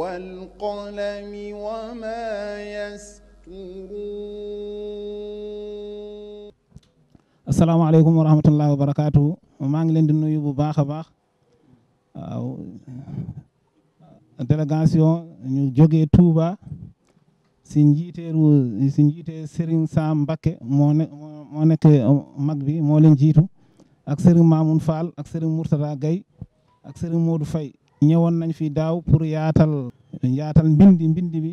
والقلم وما يسطرون asalaamaaleykum wa rahmatullahi wa barakaatu maa ngi leen di nuyu bu baax a baax waaw délégation ñu jógee Touba si njiiteeru si njiitee Serigne Sam Mbacké moo ne moo nekk mag bi moo leen jiitu ak sëriñ Mamoun Fall ak sëriñ Mourtada Gaye ak sëriñ Modou Faye ñëwoon nañ fi daaw pour yaatal yaatal mbindi mbindi bi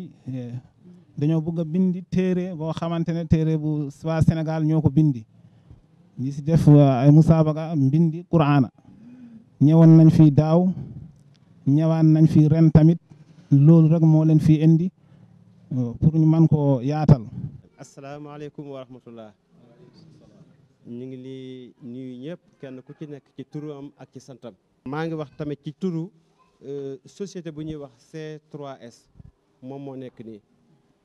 dañoo bëgg a bindi téere boo xamante ne téere bu waa Sénégal ñoo ko bindi ñi si def uh, ay musaabaga mbindi quraana ñëwoon nañ fi daaw ñëwaan nañ fi ren tamit loolu rek moo leen fi indi uh, pour ñu man ko yaatal asalaamaaleykum wa rahmatullah ñu ngi li nuyu ñëpp kenn ku ci nekk ci turam ak ci santam. maa ngi wax tamit ci turu euh, société bu ñuy wax c s moom moo nekk nii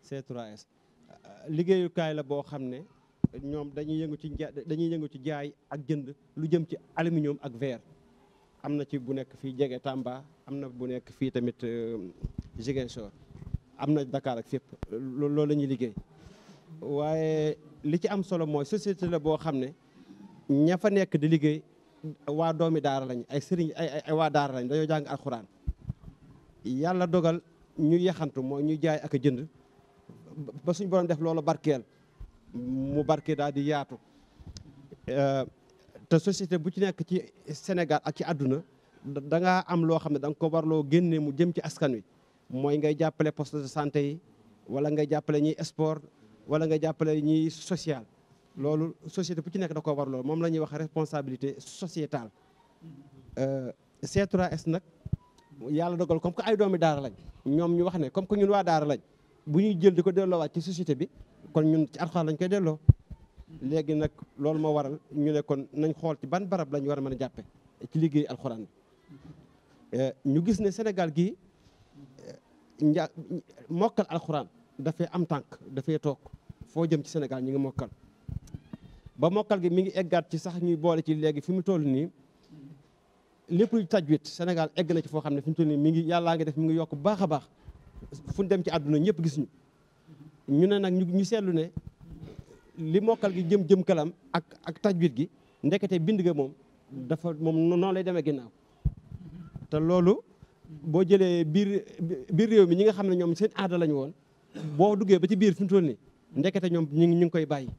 C3S liggéeyukaay la boo xam ne ñoom dañuy yëngu ci dañuy yëngu ci jaay ak jënd lu jëm ci aluminium ak verre. am na ci bu nekk fii jege Tamba am na bu nekk fii tamit euh, Ziguinchor am na Dakar ak fépp loolu la liggéey waaye li ci am solo mooy société la boo xam ne ña fa nekk di liggéey waa doomi daara lañ ay sëriñ ay ay waa daara lañ dañoo jàng alxuraan yàlla dogal ñu yaxantu mooy ñu jaay ak a jënd ba suñ borom def loolu barkeel mu barke daal di yaatu te société bu ci nekk ci Sénégal ak ci àdduna da ngaa am loo xam ne danga nga ko warloo génne mu jëm ci askan wi mooy ngay jàppale poste de santé yi wala ngay jàppale ñiy sport wala ngay jàppale ñiy social loolu société bu ci nekk da ko war loolu moom la ñuy wax responsabilité sociétale euh, C3S nag yàlla dogal comme que ay doomi daara lañ ñoom ñu wax ne comme que ñun waa daara lañ bu ñuy jël di ko delloowaat ci société bi kon ñun ci alxuraan lañ koy delloo léegi nag loolu moo waral ñu ne kon nañ xool ci ban barab lañ war a mën a jàppe ci liggéey alxuraan bi euh, ñu gis ne Sénégal gii euh, nja mokkal alxuraan dafay am tànk dafay toog foo jëm ci Sénégal ñu ngi mokkal ba mokkal gi mi ngi eggaat ci sax ñuy boole ci léegi fi mu toll nii lépp luy tajwid Sénégal egg na ci foo xam ne fi mu toll nii mi ngi yàllaa ngi def mi ngi yokk baax a baax fu ñu dem ci àdduna ñëpp gis ñu ñu ne nag ñu seetlu ne li mokkal gi jëm jëm kalam ak ak tajwid gi ndekete bind ga moom dafa moom noonu lay demee ginnaaw te loolu boo jëlee biir biir réew mi ñi nga xam ne ñoom seen aada lañu woon boo duggee ba ci biir fi mu toll nii ndekete ñoom ñu ngi ñu ngi koy bàyyi.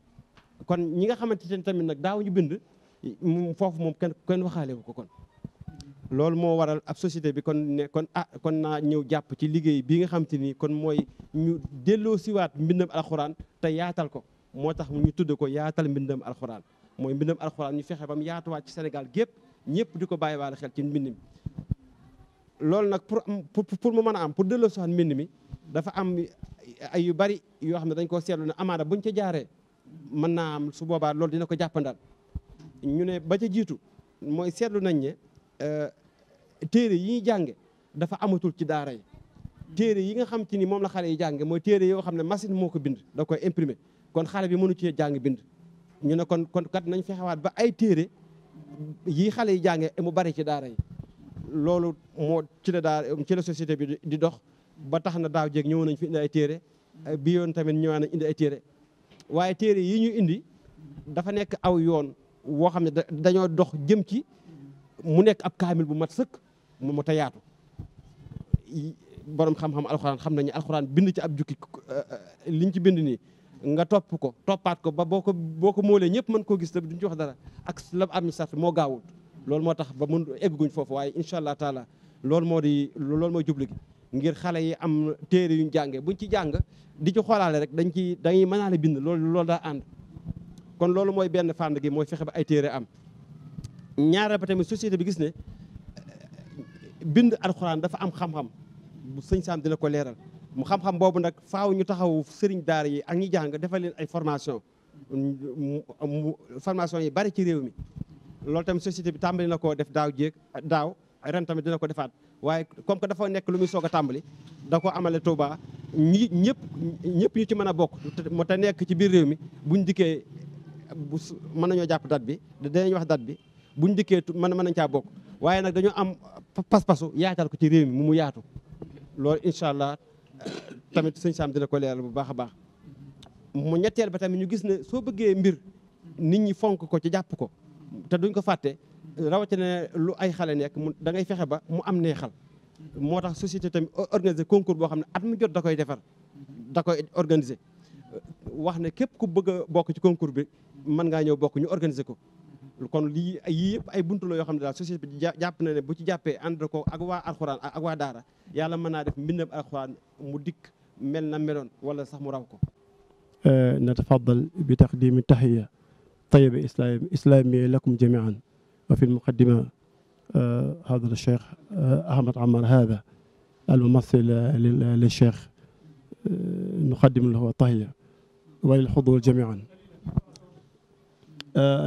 kon ñi nga xamante ne tamit nag daaw ñu bind foofu moom kenn kenn waxaalewu ko kon loolu moo waral ab société bi kon ne kon ah kon naa ñëw jàpp ci liggéey bii nga xamante ni kon mooy ñu delloosiwaat siwaat mbindam alxuraan te yaatal ko moo tax mu ñu tudd ko yaatal mbindam alxuraan mooy mbindam alxuraan ñu fexe bam yaatuwaat ci Sénégal gépp ñëpp di ko bàyyi waale xel ci mbind mi loolu nag pour pour mu mën a am pour delloo mbind mi dafa am ay yu bari yoo xam ne dañ koo seetlu ne amaana buñ ca jaaree mën naa am su boobaa loolu dina ko jàppandal ñu ne ba ca jiitu mooy seetlu nañ ne euh, téere yi ñuy jànge dafa amatul ci daara yi téere yi nga xam ci ni moom la xale yi jànge mooy téere yoo xam ne machine moo ko bind da koy imprimer kon xale bi mënu cee jàng bind ñu ne kon kon kat nañ fexewaat ba ay téere yi xale yi jànge mu bari ci daara yi loolu moo ci la daara ci la société bi di dox ba tax na daaw jéeg ñëwoon nañ fi indi ay téere bi yoon tamit ñëwaa nañ indi ay téere waaye téere yi ñu indi dafa nekk aw yoon woo xam ne dañoo dox jëm ci mu nekk ab kaamil bu mat sëkk mu mu tayaatu borom xam-xam alxuraan xam nañu alxuraan bind ci ab jukki uh, uh, liñ ci bind nii nga topp ko toppaat ko ba boo ko boo ko moolee ñëpp mën koo gis te duñ ci wax dara ak la am sart moo gaawut loolu moo tax ba mun egguñ foofu waaye incha allah taala loolu moo di loolu mooy jublu gi ngir xale yi am téere yuñ jàngee buñ ci jàng di ci xoolaale rek dañ ci dañuy mënaale bind loolu loolu daa ànd kon loolu mooy benn fànn gi mooy fexe ba ay téere am ñaareel ba tamit bi gis ne bind alxuraan dafa am xam-xam bu sëñ Sam dina ko leeral mu xam-xam boobu nag faaw ñu taxaw sëriñ daar yi ak ñi jàng defal leen ay formation formation yi bari ci réew mi loolu tamit société bi tàmbali na koo def daaw jéeg daaw ren tamit dina ko defaat waaye comme que dafa nekk lu muy soo a tàmbali da ko amale Touba ñi ñëpp ñëpp ñu ci mën a bokk mu te nekk ci biir réew mi buñ dikkee bu mën nañoo jàpp date bi danañ wax date bi bu buñ dikkee mën mën nañ caa bokk waaye nag dañoo am pas-pasu yaatal ko ci réew mi mu mu yaatu loolu incha allah tamit sëñ Sam dina ko leeral bu baax a baax mu ñetteel ba tamit ñu gis ne soo bëggee mbir nit ñi fonk ko ci jàpp ko te duñ ko fàtte rawatina lu ay xale nekk mu dangay fexe ba mu am neexal moo tax société tamit organiser concours boo xam ne at mu jot da koy defar da koy organiser wax ne képp ku bëgg bokk ci concours bi mën ngaa ñëw bokk ñu organiser ko kon lii yii yëpp ay buntu la yoo xam ne daal société bi jàpp na ne bu ci jàppee ànd ko ak waa alxuraan ak waa daara yàlla mën naa def mbind alxuraan mu dikk mel na meloon wala sax mu raw ko euh, natafadal bi taqdimi taxiya tayiba islamiya lakum jamian وفي المقدمة هذا الشيخ أحمد عمار هذا الممثل للشيخ نقدم له التحية وللحضور جميعا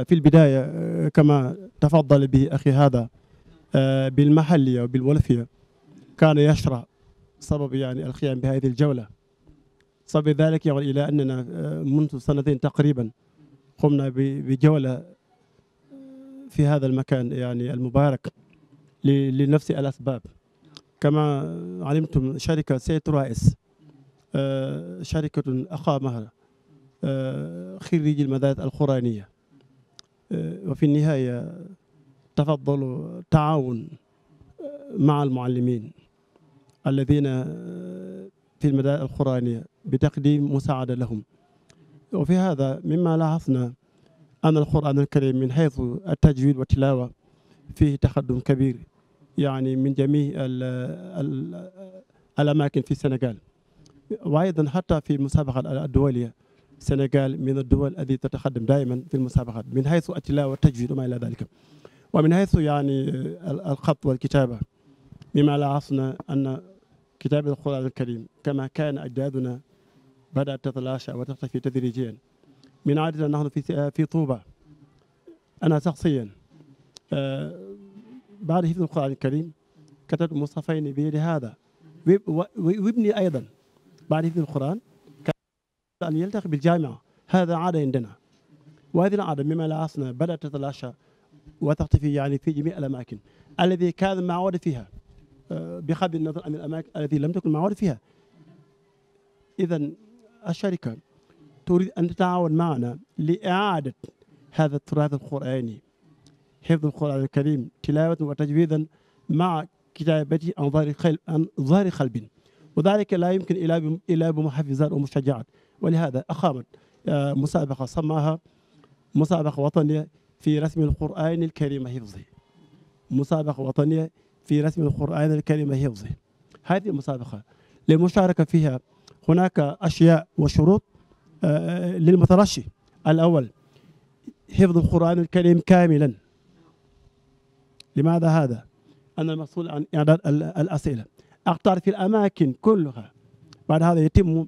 في البداية كما تفضل به أخي هذا بالمحلية وبالولفية كان يشرح سبب يعني القيام بهذه الجولة سبب ذلك يعود إلى أننا منذ سنتين تقريبا قمنا بجولة في هذا المكان يعني المبارك لنفس الأسباب كما علمتم شركة سيت رائس شركة أخا مهر خريج المدارس القرآنية وفي النهاية تفضلوا تعاون مع المعلمين الذين في المدارس القرآنية بتقديم مساعدة لهم وفي هذا مما لاحظنا an alquran alkarim min haythu altajwid wa tilawa fihi taxaddum kabir yaani min jami al amakin fi sénégal wa aydan xata fi musabaqat adduwalia sénégal min adduwal allati tataxaddam daiman fi lmusabaqat min haythu altilawa waltajwid wa ma ila dalika wa min haythu yaani alxat walkitaba mima laasna anna kitab alquran alkarim kama kana ajdaduna badat tatalaasha wa taxtafi tadrijiyan من عادة نحن في في طوبة أنا شخصيا بعد حفظ القرآن الكريم كتبت مصحفين بيدي هذا وابني أيضا بعد حفظ القرآن أن يلتقي بالجامعة هذا عادة عندنا وهذه العادة مما لاحظنا بدأت تتلاشى وتختفي يعني في جميع الأماكن الذي كان معود فيها بغض النظر عن الأماكن التي لم تكن معود فيها إذا الشركة تريد أن تتعاون معنا لإعادة هذا التراث القرآني حفظ القرآن الكريم تلاوة وتجويدا مع كتابته عن ظهر قلب عن ظهر قلب وذلك لا يمكن إلا إلا بمحفزات ومشجعات ولهذا أقامت مسابقة سماها مسابقة وطنية في رسم القرآن الكريم حفظه مسابقة وطنية في رسم القرآن الكريم حفظه هذه المسابقة للمشاركة فيها هناك أشياء وشروط للمترشي الأول حفظ القرآن الكريم كاملا لماذا هذا؟ أنا المسؤول عن إعداد الأسئلة أختار في الأماكن كلها بعد هذا يتم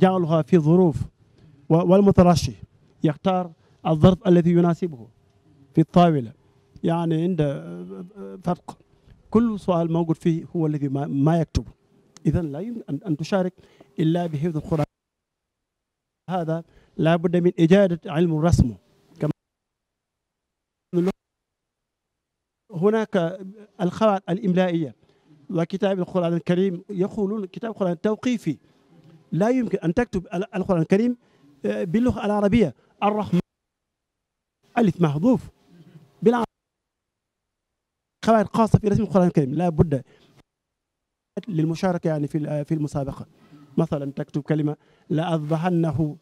جعلها في ظروف والمترشي يختار الظرف الذي يناسبه في الطاولة يعني عند فرق كل سؤال موجود فيه هو الذي ما يكتب إذا لا يمكن أن تشارك إلا بحفظ القرآن هذا لا بد من إجادة علم الرسم كما هناك الخواعد الإملائية وكتاب القرآن الكريم يقولون كتاب القرآن توقيفي لا يمكن أن تكتب القرآن الكريم باللغة العربية الرحمن ألف محذوف بالعربية قواعد خاصة في رسم القرآن الكريم لا بد للمشاركة يعني في في المسابقة مثلا تكتب كلمة لا أذبحنه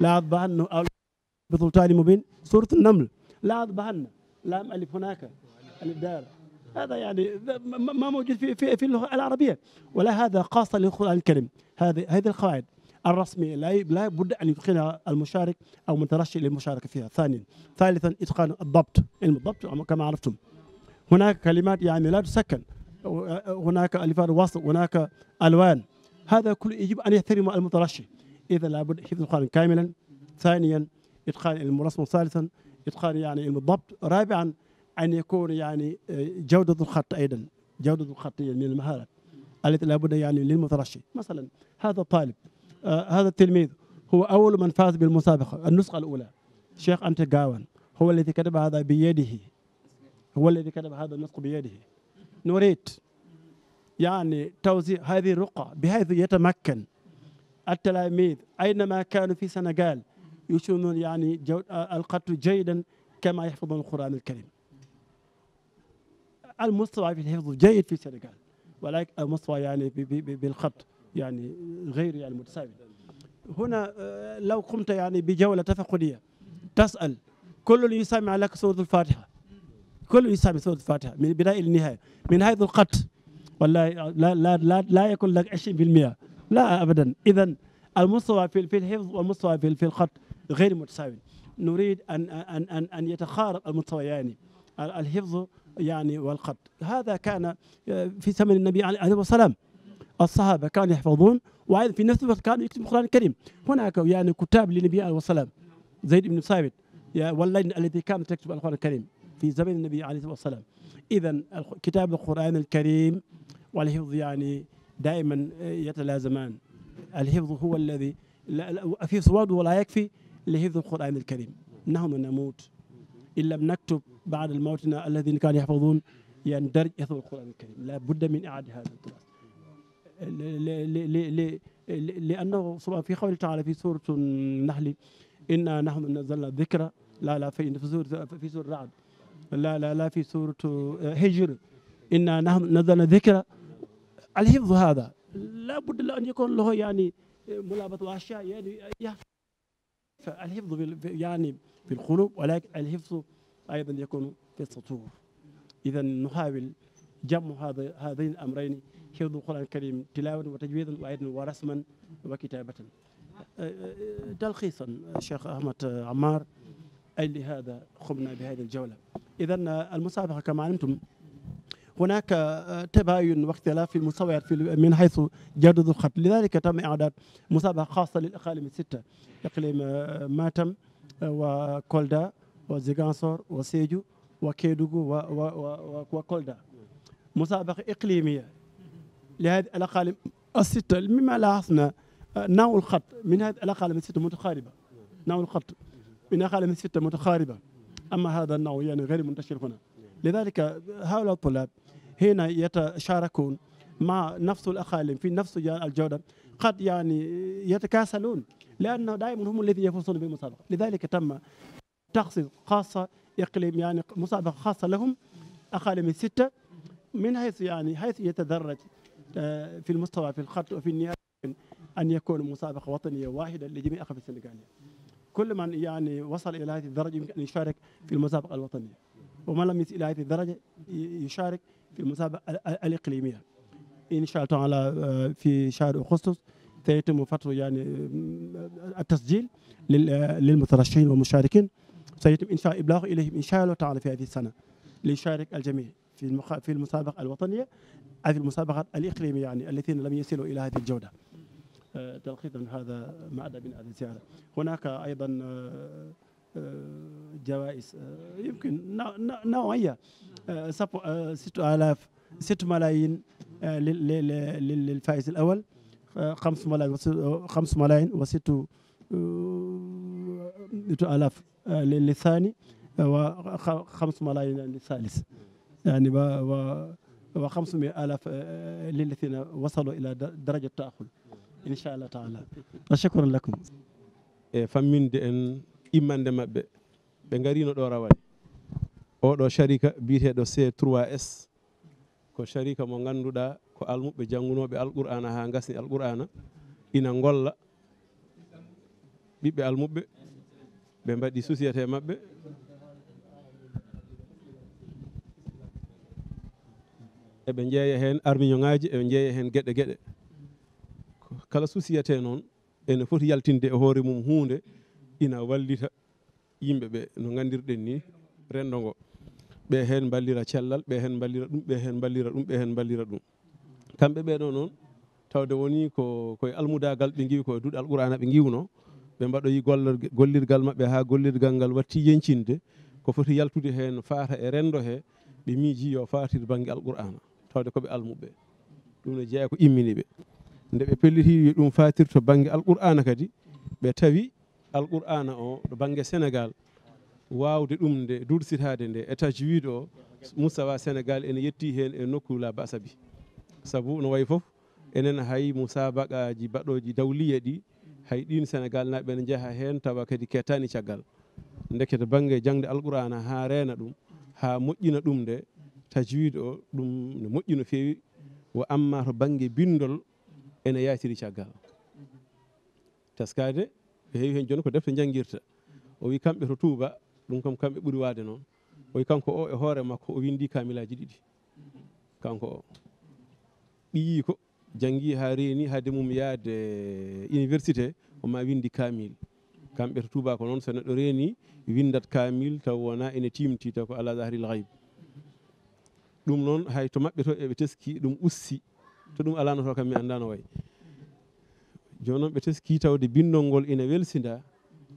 لا أذبحنه أو بسلطان مبين سورة النمل لا أذبحن لام ألف هناك ألف دار هذا يعني ما موجود في في في اللغة العربية ولا هذا خاصة للقرآن الكريم هذه هذه القواعد الرسمية لا لا بد أن يتقنها المشارك أو مترشح للمشاركة فيها ثانيا ثالثا إتقان الضبط علم الضبط كما عرفتم هناك كلمات يعني لا تسكن هناك ألفاظ وصل هناك ألوان هذا كله يجب أن يحترم المترشح إذا لابد حفظ القرآن كاملا ثانيا إتقان علم الرسم ثالثا إتقان يعني علم الضبط رابعا أن يكون يعني جودة الخط أيضا جودة الخط من المهارات التي لابد يعني للمترشح مثلا هذا الطالب آه هذا التلميذ هو أول من فاز بالمسابقة النسخة الأولى شيخ أنت قاوان هو الذي كتب هذا بيده هو الذي كتب هذا النسخ بيده نوريت يعني توزيع هذه الرقعة بحيث يتمكن التلاميذ أينما كانوا في سنغال يشونون يعني القتل جيدا كما يحفظون القرآن الكريم المستوى في الحفظ جيد في السنغال ولكن المستوى يعني بالخط يعني غير يعني متساوي هنا لو قمت يعني بجولة تفقدية تسأل كل يسمع لك سورة الفاتحة كل يسمع سورة الفاتحة من بداية النهاية من حيث القط والله لا لا لا, لا يكون لك 20% لا ابدا اذا المستوى في الحفظ والمستوى في الخط غير متساوي نريد ان ان ان ان يتقارب المستويان يعني الحفظ يعني والخط هذا كان في زمن النبي عليه الصلاه الصحابه كانوا يحفظون وايضا في نفس الوقت كانوا يكتبون القران الكريم هناك يعني كتاب للنبي عليه الصلاه زيد بن ثابت والليل الذي كانت تكتب القران الكريم في زمن النبي عليه الصلاه والسلام idan kitaab alquran alkarim walxifdu yaani daiman yatalaazamaan alxifdu huwa alladi الحفظ وحده ولا يكفي لحفظ القرآن الكريم نحن نموت إن لم نكتب بعد موتنا الذين كانوا يحفظون يندرج حفظ القرآن الكريم لا بد من إعادة هذا الدراسة لأنه في قوله تعالى في سورة النحل إنا نحن نزلنا الذكر لا لا في سورة في سورة الرعد لا لا لا في سورة هجر إنا نحن نزلنا ذكر الحفظ هذا لا بد له أن يكون له يعني ملابة أشياء يعني الحفظ يعني في القلوب ولكن الحفظ أيضا يكون في السطور إذا نحاول جمع هذا هذين الأمرين حفظ القرآن الكريم تلاوة وتجويدا وأيضا ورسما وكتابة تلخيصا شيخ أحمد عمار أي لهذا قمنا بهذه الجولة إذا المسابقة كما علمتم هناك تباين واختلاف في المستويات في من حيث جدد الخط لذلك تم إعداد مسابقة خاصة للأقاليم الستة إقليم ماتم وكولدا وزيغانسور وسيجو وكيدوغو وكولدا مسابقة إقليمية لهذه الأقاليم الستة مما لاحظنا نوع الخط من هذه الأقاليم الستة متقاربة نوع الخط من الأقاليم الستة متقاربة أما هذا النوع يعني غير منتشر هنا لذلك هؤلاء الطلاب هنا يتشاركون مع نفس الأقاليم في نفس الجودة قد يعني يتكاسلون لأنه دائما هم الذين يفوزون بالمسابقة لذلك تم تخصيص خاصة إقليم يعني مسابقة خاصة لهم أقاليم الستة من حيث يعني حيث يتدرج في المستوى في الخط وفي النهاية أن يكون مسابقة وطنية واحدة لجميع أقاليم السنغالية كل من يعني وصل إلى هذه الدرجة يمكن أن يشارك في المسابقة الوطنية ومن لم يصل إلى هذه الدرجة يشارك في المسابقة الإقليمية إن شاء الله تعالى في شهر أغسطس سيتم فتره يعني التسجيل للمترشحين والمشاركين سيتم إن شاء إبلاغ إليهم إن شاء الله تعالى في هذه السنة ليشارك الجميع في في المسابقة الوطنية أو في المسابقات الإقليمية يعني الذين لم يصلوا إلى هذه الجودة تلخيصا هذا مع أدب هذه السيارة هناك أيضا جوائز يمكن نوعية 6000 6 ملايين للفائز الأول 5 ملايين 5 ملايين و6 آلاف للثاني وخمس ملايين للثالث يعني و و 500 آلاف للذين وصلوا إلى درجة التأهل insha e famminde en immande maɓɓe ɓe garino ɗo rawani oɗo sharika biyeteɗo c 3 ko sharika mo ganduɗa ko almuɓe janggunoɓe alqur'ana ha gasni alqur'ana ina golla ɓiɓɓe almuɓe ɓe mbaɗi société maɓɓe e eɓe jeeya hen armiño eɓe jeeya hen gueɗe gueɗe kala susiyete noon ene foti yaltinde e hoore mum hunde ina wallita yimɓe ɓe no gandirɗen ni rendo ngo ɓe hen ballira cellal ɓe hen ballira ɗum ɓe hen ballira ɗum ɓe hen ballira tawde woni ko koye almudagal ɓe giwi koye duuɗe alqurana ɓe giwno ɓe mbaɗoyi gollirgal maɓɓe ha gollirgal ngal watti yencinde ko foti yaltude hen faata e rendo he ɓe miiji yo fatir banggue alqurana tawde koɓe almuɓe ɗum ne jeeya ko immini ɓe nde ɓe pellitiri ɗum fatir to banggue alqur'ana kadi ɓe tawi alqur'ana o to banggue sénégal ɗum nde dursitade nde état e juwid o moussawa sénégal ene yetti hen e nokku la basabi saabu no wayi foof enen hay mousabaqaji baɗoji dawliya ɗi hay ɗin sénégal naɓe ne jaaha hen tawa kadi kettani caggal deke to banggue jangde alqur'ana ha reena ɗum ha moƴƴina ɗum nde tajwid o ɗum ne moƴƴi no fewi wo amma to banggue bindol ene yaytiri caggal teskade ko heewi hen joni defte jangguirta o wi kamɓe to touba ɗum kam kamɓe ɓuuri wade noon o wi kanko o e hoore makko o windi kamilaji ɗiɗi kanko o ɓiyi ko janggi reeni haade mum yaade université oma windi kamil kamɓe to touba noon so neɗɗo reeni windat kamil taw wona ene timti taw ko ala zahri ɗum noon hay to maɓɓe to eɓe teski ɗum ussi to ɗum alano to kam mi anndano wayi joni noon ɓe teski tawde bindol ngol ina welsinda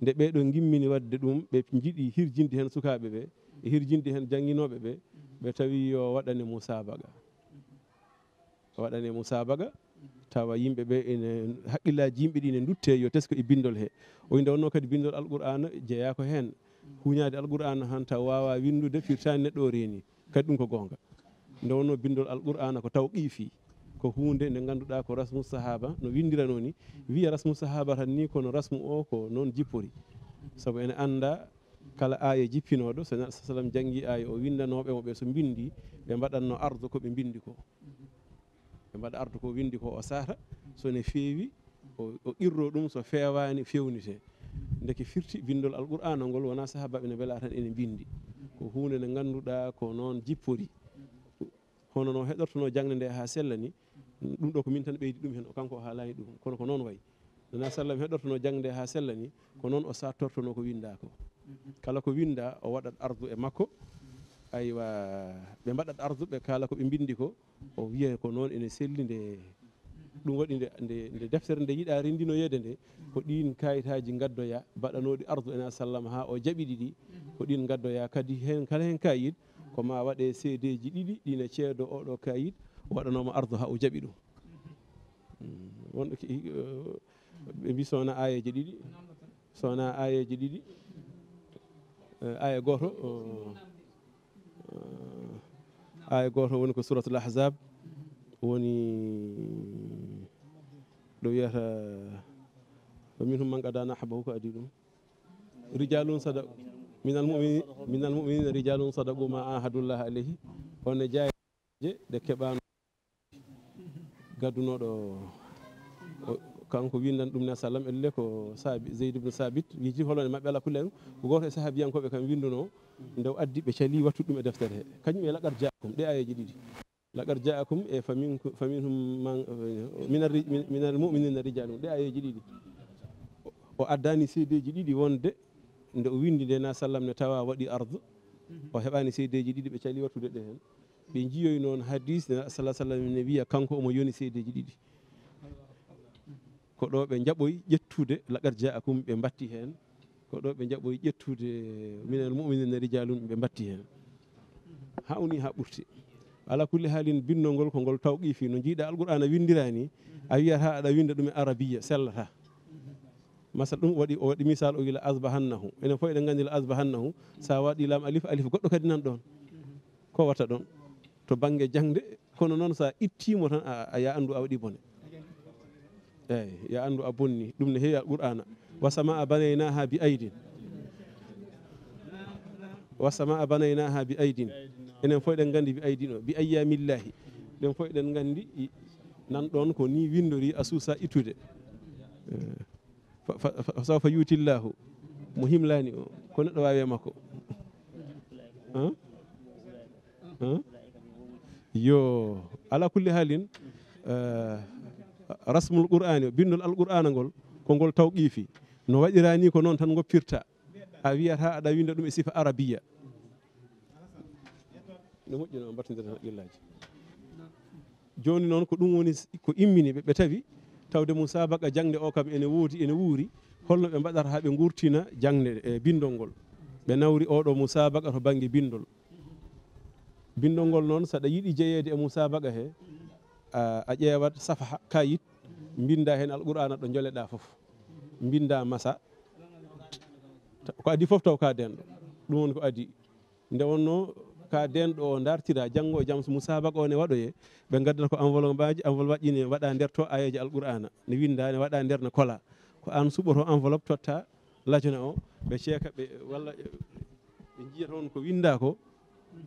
nde ɓeɗo gimmini wadde ɗum ɓe jiiɗi hirjinde hen sukaɓe ɓe e hirjinde hen jangguinoɓe ɓe ɓe tawi yo waɗane musabaga waɗane musabaga tawa yimɓe ɓe ene haqqillaji yimɓe ɗi ne dutte yo tesko e bindol he o inde wonno kadi bindol alqur'ana jeeyako hen huñade alqur'ana han taw wawa windude firtani neɗɗo o reeni kadi ɗum ko gonga nde wonno bindol alqur'ana ko taw qiifi ko hunde nde ganduɗa ko rasmu sahaba no windirano ni wiya rasmu sahaba tan ni kono rasmu o ko noon jippori saabu ene anda kala aya jippinoɗo so nabi sallam jangi aya o windanoɓe moɓe ɓe mbaɗatno ardu ɓe mbaɗa ardu ko windi ko o sata sone feewi o qirro ɗum so fewani fewnite deke firti bindol alqur'ana ngol wona sahabaɓe ne beela tan ene bindi ko hunde nde ganduɗa ko noon jippori hono no heɗortono jangde nde ha sella ni ɗum ɗo ko min tan ɓeydi ɗum hen kanko o haalani ɗum kono ko noon wayi nana sallam heɗortono jangde ha sella ni ko noon o sattortono ko winda ko kala ko winda o waɗat ardu e makko aywa ɓe o wiya ko ko ɗin kayitaji gaddoya mbaɗanoɗi ardu e ko ɗin gaddoya kadi ɗiɗi ɗina ceedo oɗo kayit o waɗanoma ardu ha o jaaɓi ɗum mm, wonɗo ɓe uh, mbi sowona ayeje ɗiɗi sowona ayeje ɗiɗi uh, aya goto uh, aya goto woni ko suratul ahzab woni ɗo wiyata wa minhum man qada nahabahu ko adi ɗum rijalum sada minal mumini minal muminina ma ahadullah alayhi one jaayeje ɗe keɓano gaddunoɗo kanko windana ɗum ne sallam elle ko sabi zeyd ibne sabit wiji holone mabɓe ala kulle en ko goto e sahabiyankoɓe kam winduno nde addi ɓe cali wattude ɗum e deftere he kañum e laqat jaakum e faminhum minal muminina rijalum ɗe ayeji ɗiɗi o addani seedeji ɗiɗi wonde nde o windi nde na sallam ne tawa waɗi arde o heɓani seedeji ɗiɗi ɓe cali wattude ɗe hen ɓe jiyoy noon hadis ne salah sallam ne wiya kanko omo yoni seedeji ɗiɗi ko ɗo ɓe jaɓoy ƴettude lagat ja akum ɓe mbatti heen ko ɗo ɓe jaɓoy ƴettude minal muminina rijalum ɓe mbatti heen hawni ha ɓurti ala kulle haalin binnol ngol ko ngol taw qiifi no jiiɗa alqur'ana windirani a wiyata aɗa winda ɗum e arabiya sellata masal ɗum o waɗi misal o wila asbahannahu enen fof eɗen gandi la asbahannahu sa waɗi lam alif to banggue jangde kono noon sa ittimo tan a ya andu a waɗi bone eyyi yo andu a bonni ɗum ne heewi a banaynaha bi aydin wasama a banaynaha bi aydin enen fof eɗen gandi bi o bi ayyamillahi ɗen eɗen gandi nan ɗon ko ni windori a suusa ittude sawfa yutillahu mo himlani o ko neɗɗo wawi makko yo ala kulli haalin eh, rasmul qur'ani bindol alqur'ana ngol ko ngol taw no waɗirani ko noon tan goppirta a wiyata aɗa winda ɗum e sifa arabiya ne noon ko ɗum woni ko immini ɓe tawi tawde mum sabaka jangde kam ene woodi ene wuuri holno ɓe mbaɗata ha ɓe gurtina jangde e ngol ɓe nawri oɗo mum sabaka to banggue bindol bindol ngol noon saɗa yiɗi jeyeede e musabaqa he a ƴeewat safaha kayit mbinda heen alqur'ana ɗo joleɗa fof mbinda masa ko adi fof taw ka denɗo ɗum woni ko adi nde wonno ka denɗo o dartira janngo e jaam so musabaqa o ne waɗoye ɓe gaddata ko enveloppe mbaji ne waɗa nder to ayeje ne winda ne waɗa nder ne kola ko an suɓoto enveloppe totta lajona o ɓe ceeka ɓe walla ɓe jiiya toon ko winda ko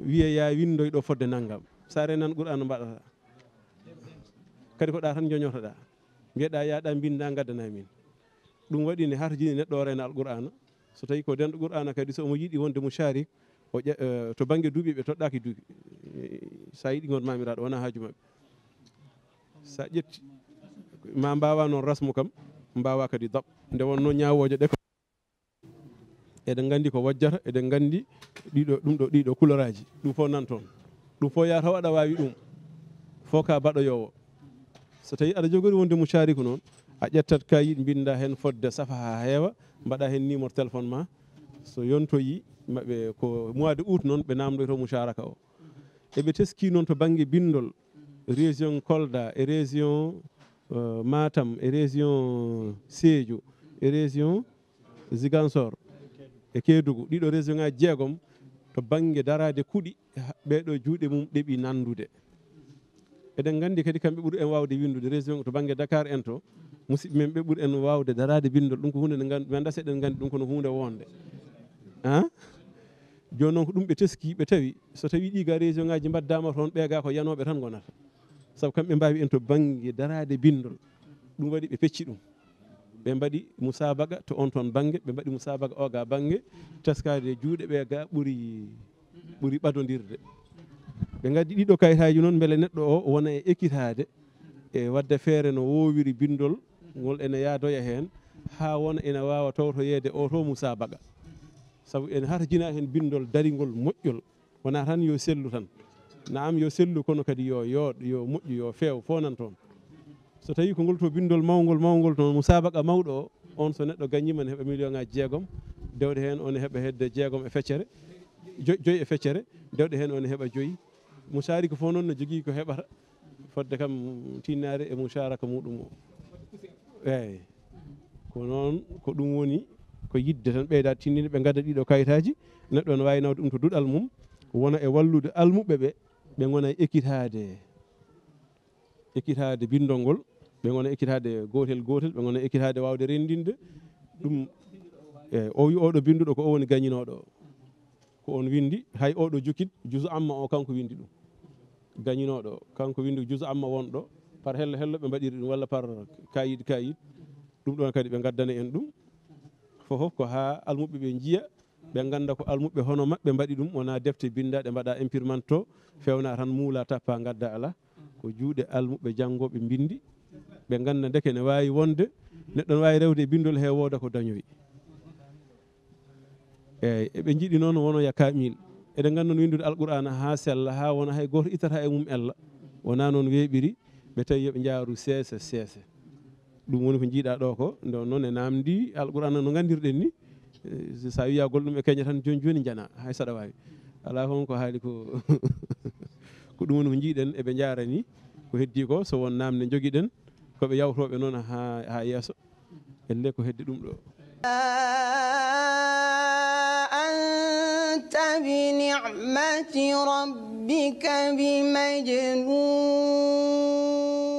wiye ya windoyɗo fodde naggam sa renan qur'ana mbaɗata kadi ko ɗa tan joñotoɗa mbiyeɗa yaɗa binda gaddanamin ɗum waɗi ne harjini neɗɗo o rena alqur'ana so tawi ko denɗo qur'ana kadi so omo yiiɗi wonde mo sharik o e, to banggue duuɓi ɓe toɗɗaki duuɓi sa yiiɗi gon mamiraɗo wona haaju mabɓe sa ƴetti ma mbawa noon rasmu kam mbawa kadi dab nde wonno ñawoje ɗe eɗen gandi ko wajjata eɗen gandi ɗum ɗo ɗiɗo couleur ɗum fof nan toon ɗum fof yata waɗa wawi ɗum fof ka baɗoyowo so tawi aɗa jogori wonde mo cariku a ƴettat kayit binda hen fodde safa ha heewa mbaɗa hen numéro téléphone ma so yontoyi maɓe ko mois de août noon ɓe namdoyto musaraka o eɓe teski noon to banggue bindol région kolda e région euh, matam e région sédio e région zigansor e keedugu ɗiɗo région jeegom to banggue darade kuuɗi ɓeɗo juuɗe mum ɗeeɓi nandude eɗen gandi kadi kamɓe ɓuuri en wawde windude région to banggue dakar en to musidɓe men ɓe ɓuuri en wawde darade bindol ɗum ko hunde nde gandi anda seɗen gandi ɗum kono hunde wonde han joni noon ko ɗum ɓe teski ɓe tawi so tawi ɗi ga région ngaji mbaddama toon ɓeega ko yanoɓe tan gonata saabu kamɓe mbawi en to banggue darade bindol ɗum waɗi ɓe pecci ɗum ɓe mbaɗi musabaga to on toon banggue ɓe mbaɗi musabaga o ga banggue teskade juuɗe ɓe ga ɓuuri ɓuuri ɓe gaddi ɗiɗo kayitaji noon beele neɗɗo o wona e ekkitade e wadde feere no wowiri bindol ngol ene yaadoya hen ha wona ene wawa towtoyede o to musabaga saabu ene hata jina hen bindol darigol moƴƴol wona tan yo sellu tan naam yo sellu kono kadi yo moƴƴu yo feew fonan toon so tawi ko ngol to bindol mawgol mawgol toon musabaka mawɗo o on so neɗɗo gañima ne heeɓa million ŋaji jeegom dewɗe hen one heeɓa hedde jeegom e feccere joyyi e feccere dewɗe hen one heeɓa joyyi musari ko fof noon ne jogui ko heɓata fodde kam tinnare e musaraka muɗum o eyyi ko noon ko ɗum woni ko yidde tan ɓeyda tinnine ɓe gadda ɗiɗo kayitaji neɗɗo ne wawi nawde ɗum to duɗal mum wona e wallude almuɓe ɓe ɓe gona e ekkitade ngol ɓe gona ekkitade gotel gotel ɓe gona ekkitade wawde rendinde ɗum eyyi o wi oɗo ko o woni gañinoɗo ko on windi hay oɗo jokid jusu amma o kanko windi ɗum gañinoɗo kanko windi jusu amma wonɗo par hello hello ɓe mbaɗiri ɗum walla par kayid kayid ɗum ɗon kadi ɓe gaddana en ɗum fofof ko ha almuɓe ɓe jiiya ɓe ganda ko almuɓe hono mabɓe mbaɗi ɗum wona defte bindaɗe mbaɗa imprimante fewna tan muula tappa gadda ala ɓe ganda deke ne wawi wonde neɗɗo ne wawi rewde e bindol he wooda ko dañoyi eyyi eɓe jiiɗi noon wono ya kamil eɗen ganda no windude alqur'ana ha sella ha wona hay goto itata e mum ella wona noon weeɓiri ɓe tawi yooɓe jaaru seesa seesa ɗum woni ko jiiɗa ɗo ko nde noon e namdi alqur'ana no gandirɗen ni eh, sa wiya golɗum e keña tan joni joni hay saɗa wawi ala kon ko haali ko ɗum woni ko jiiɗen eɓe jaarani ko heddi ko so koɓe yawtoɓe noon ha ha yesso elle ko heddi ɗum ɗo anta binicmati rabbika bimajnun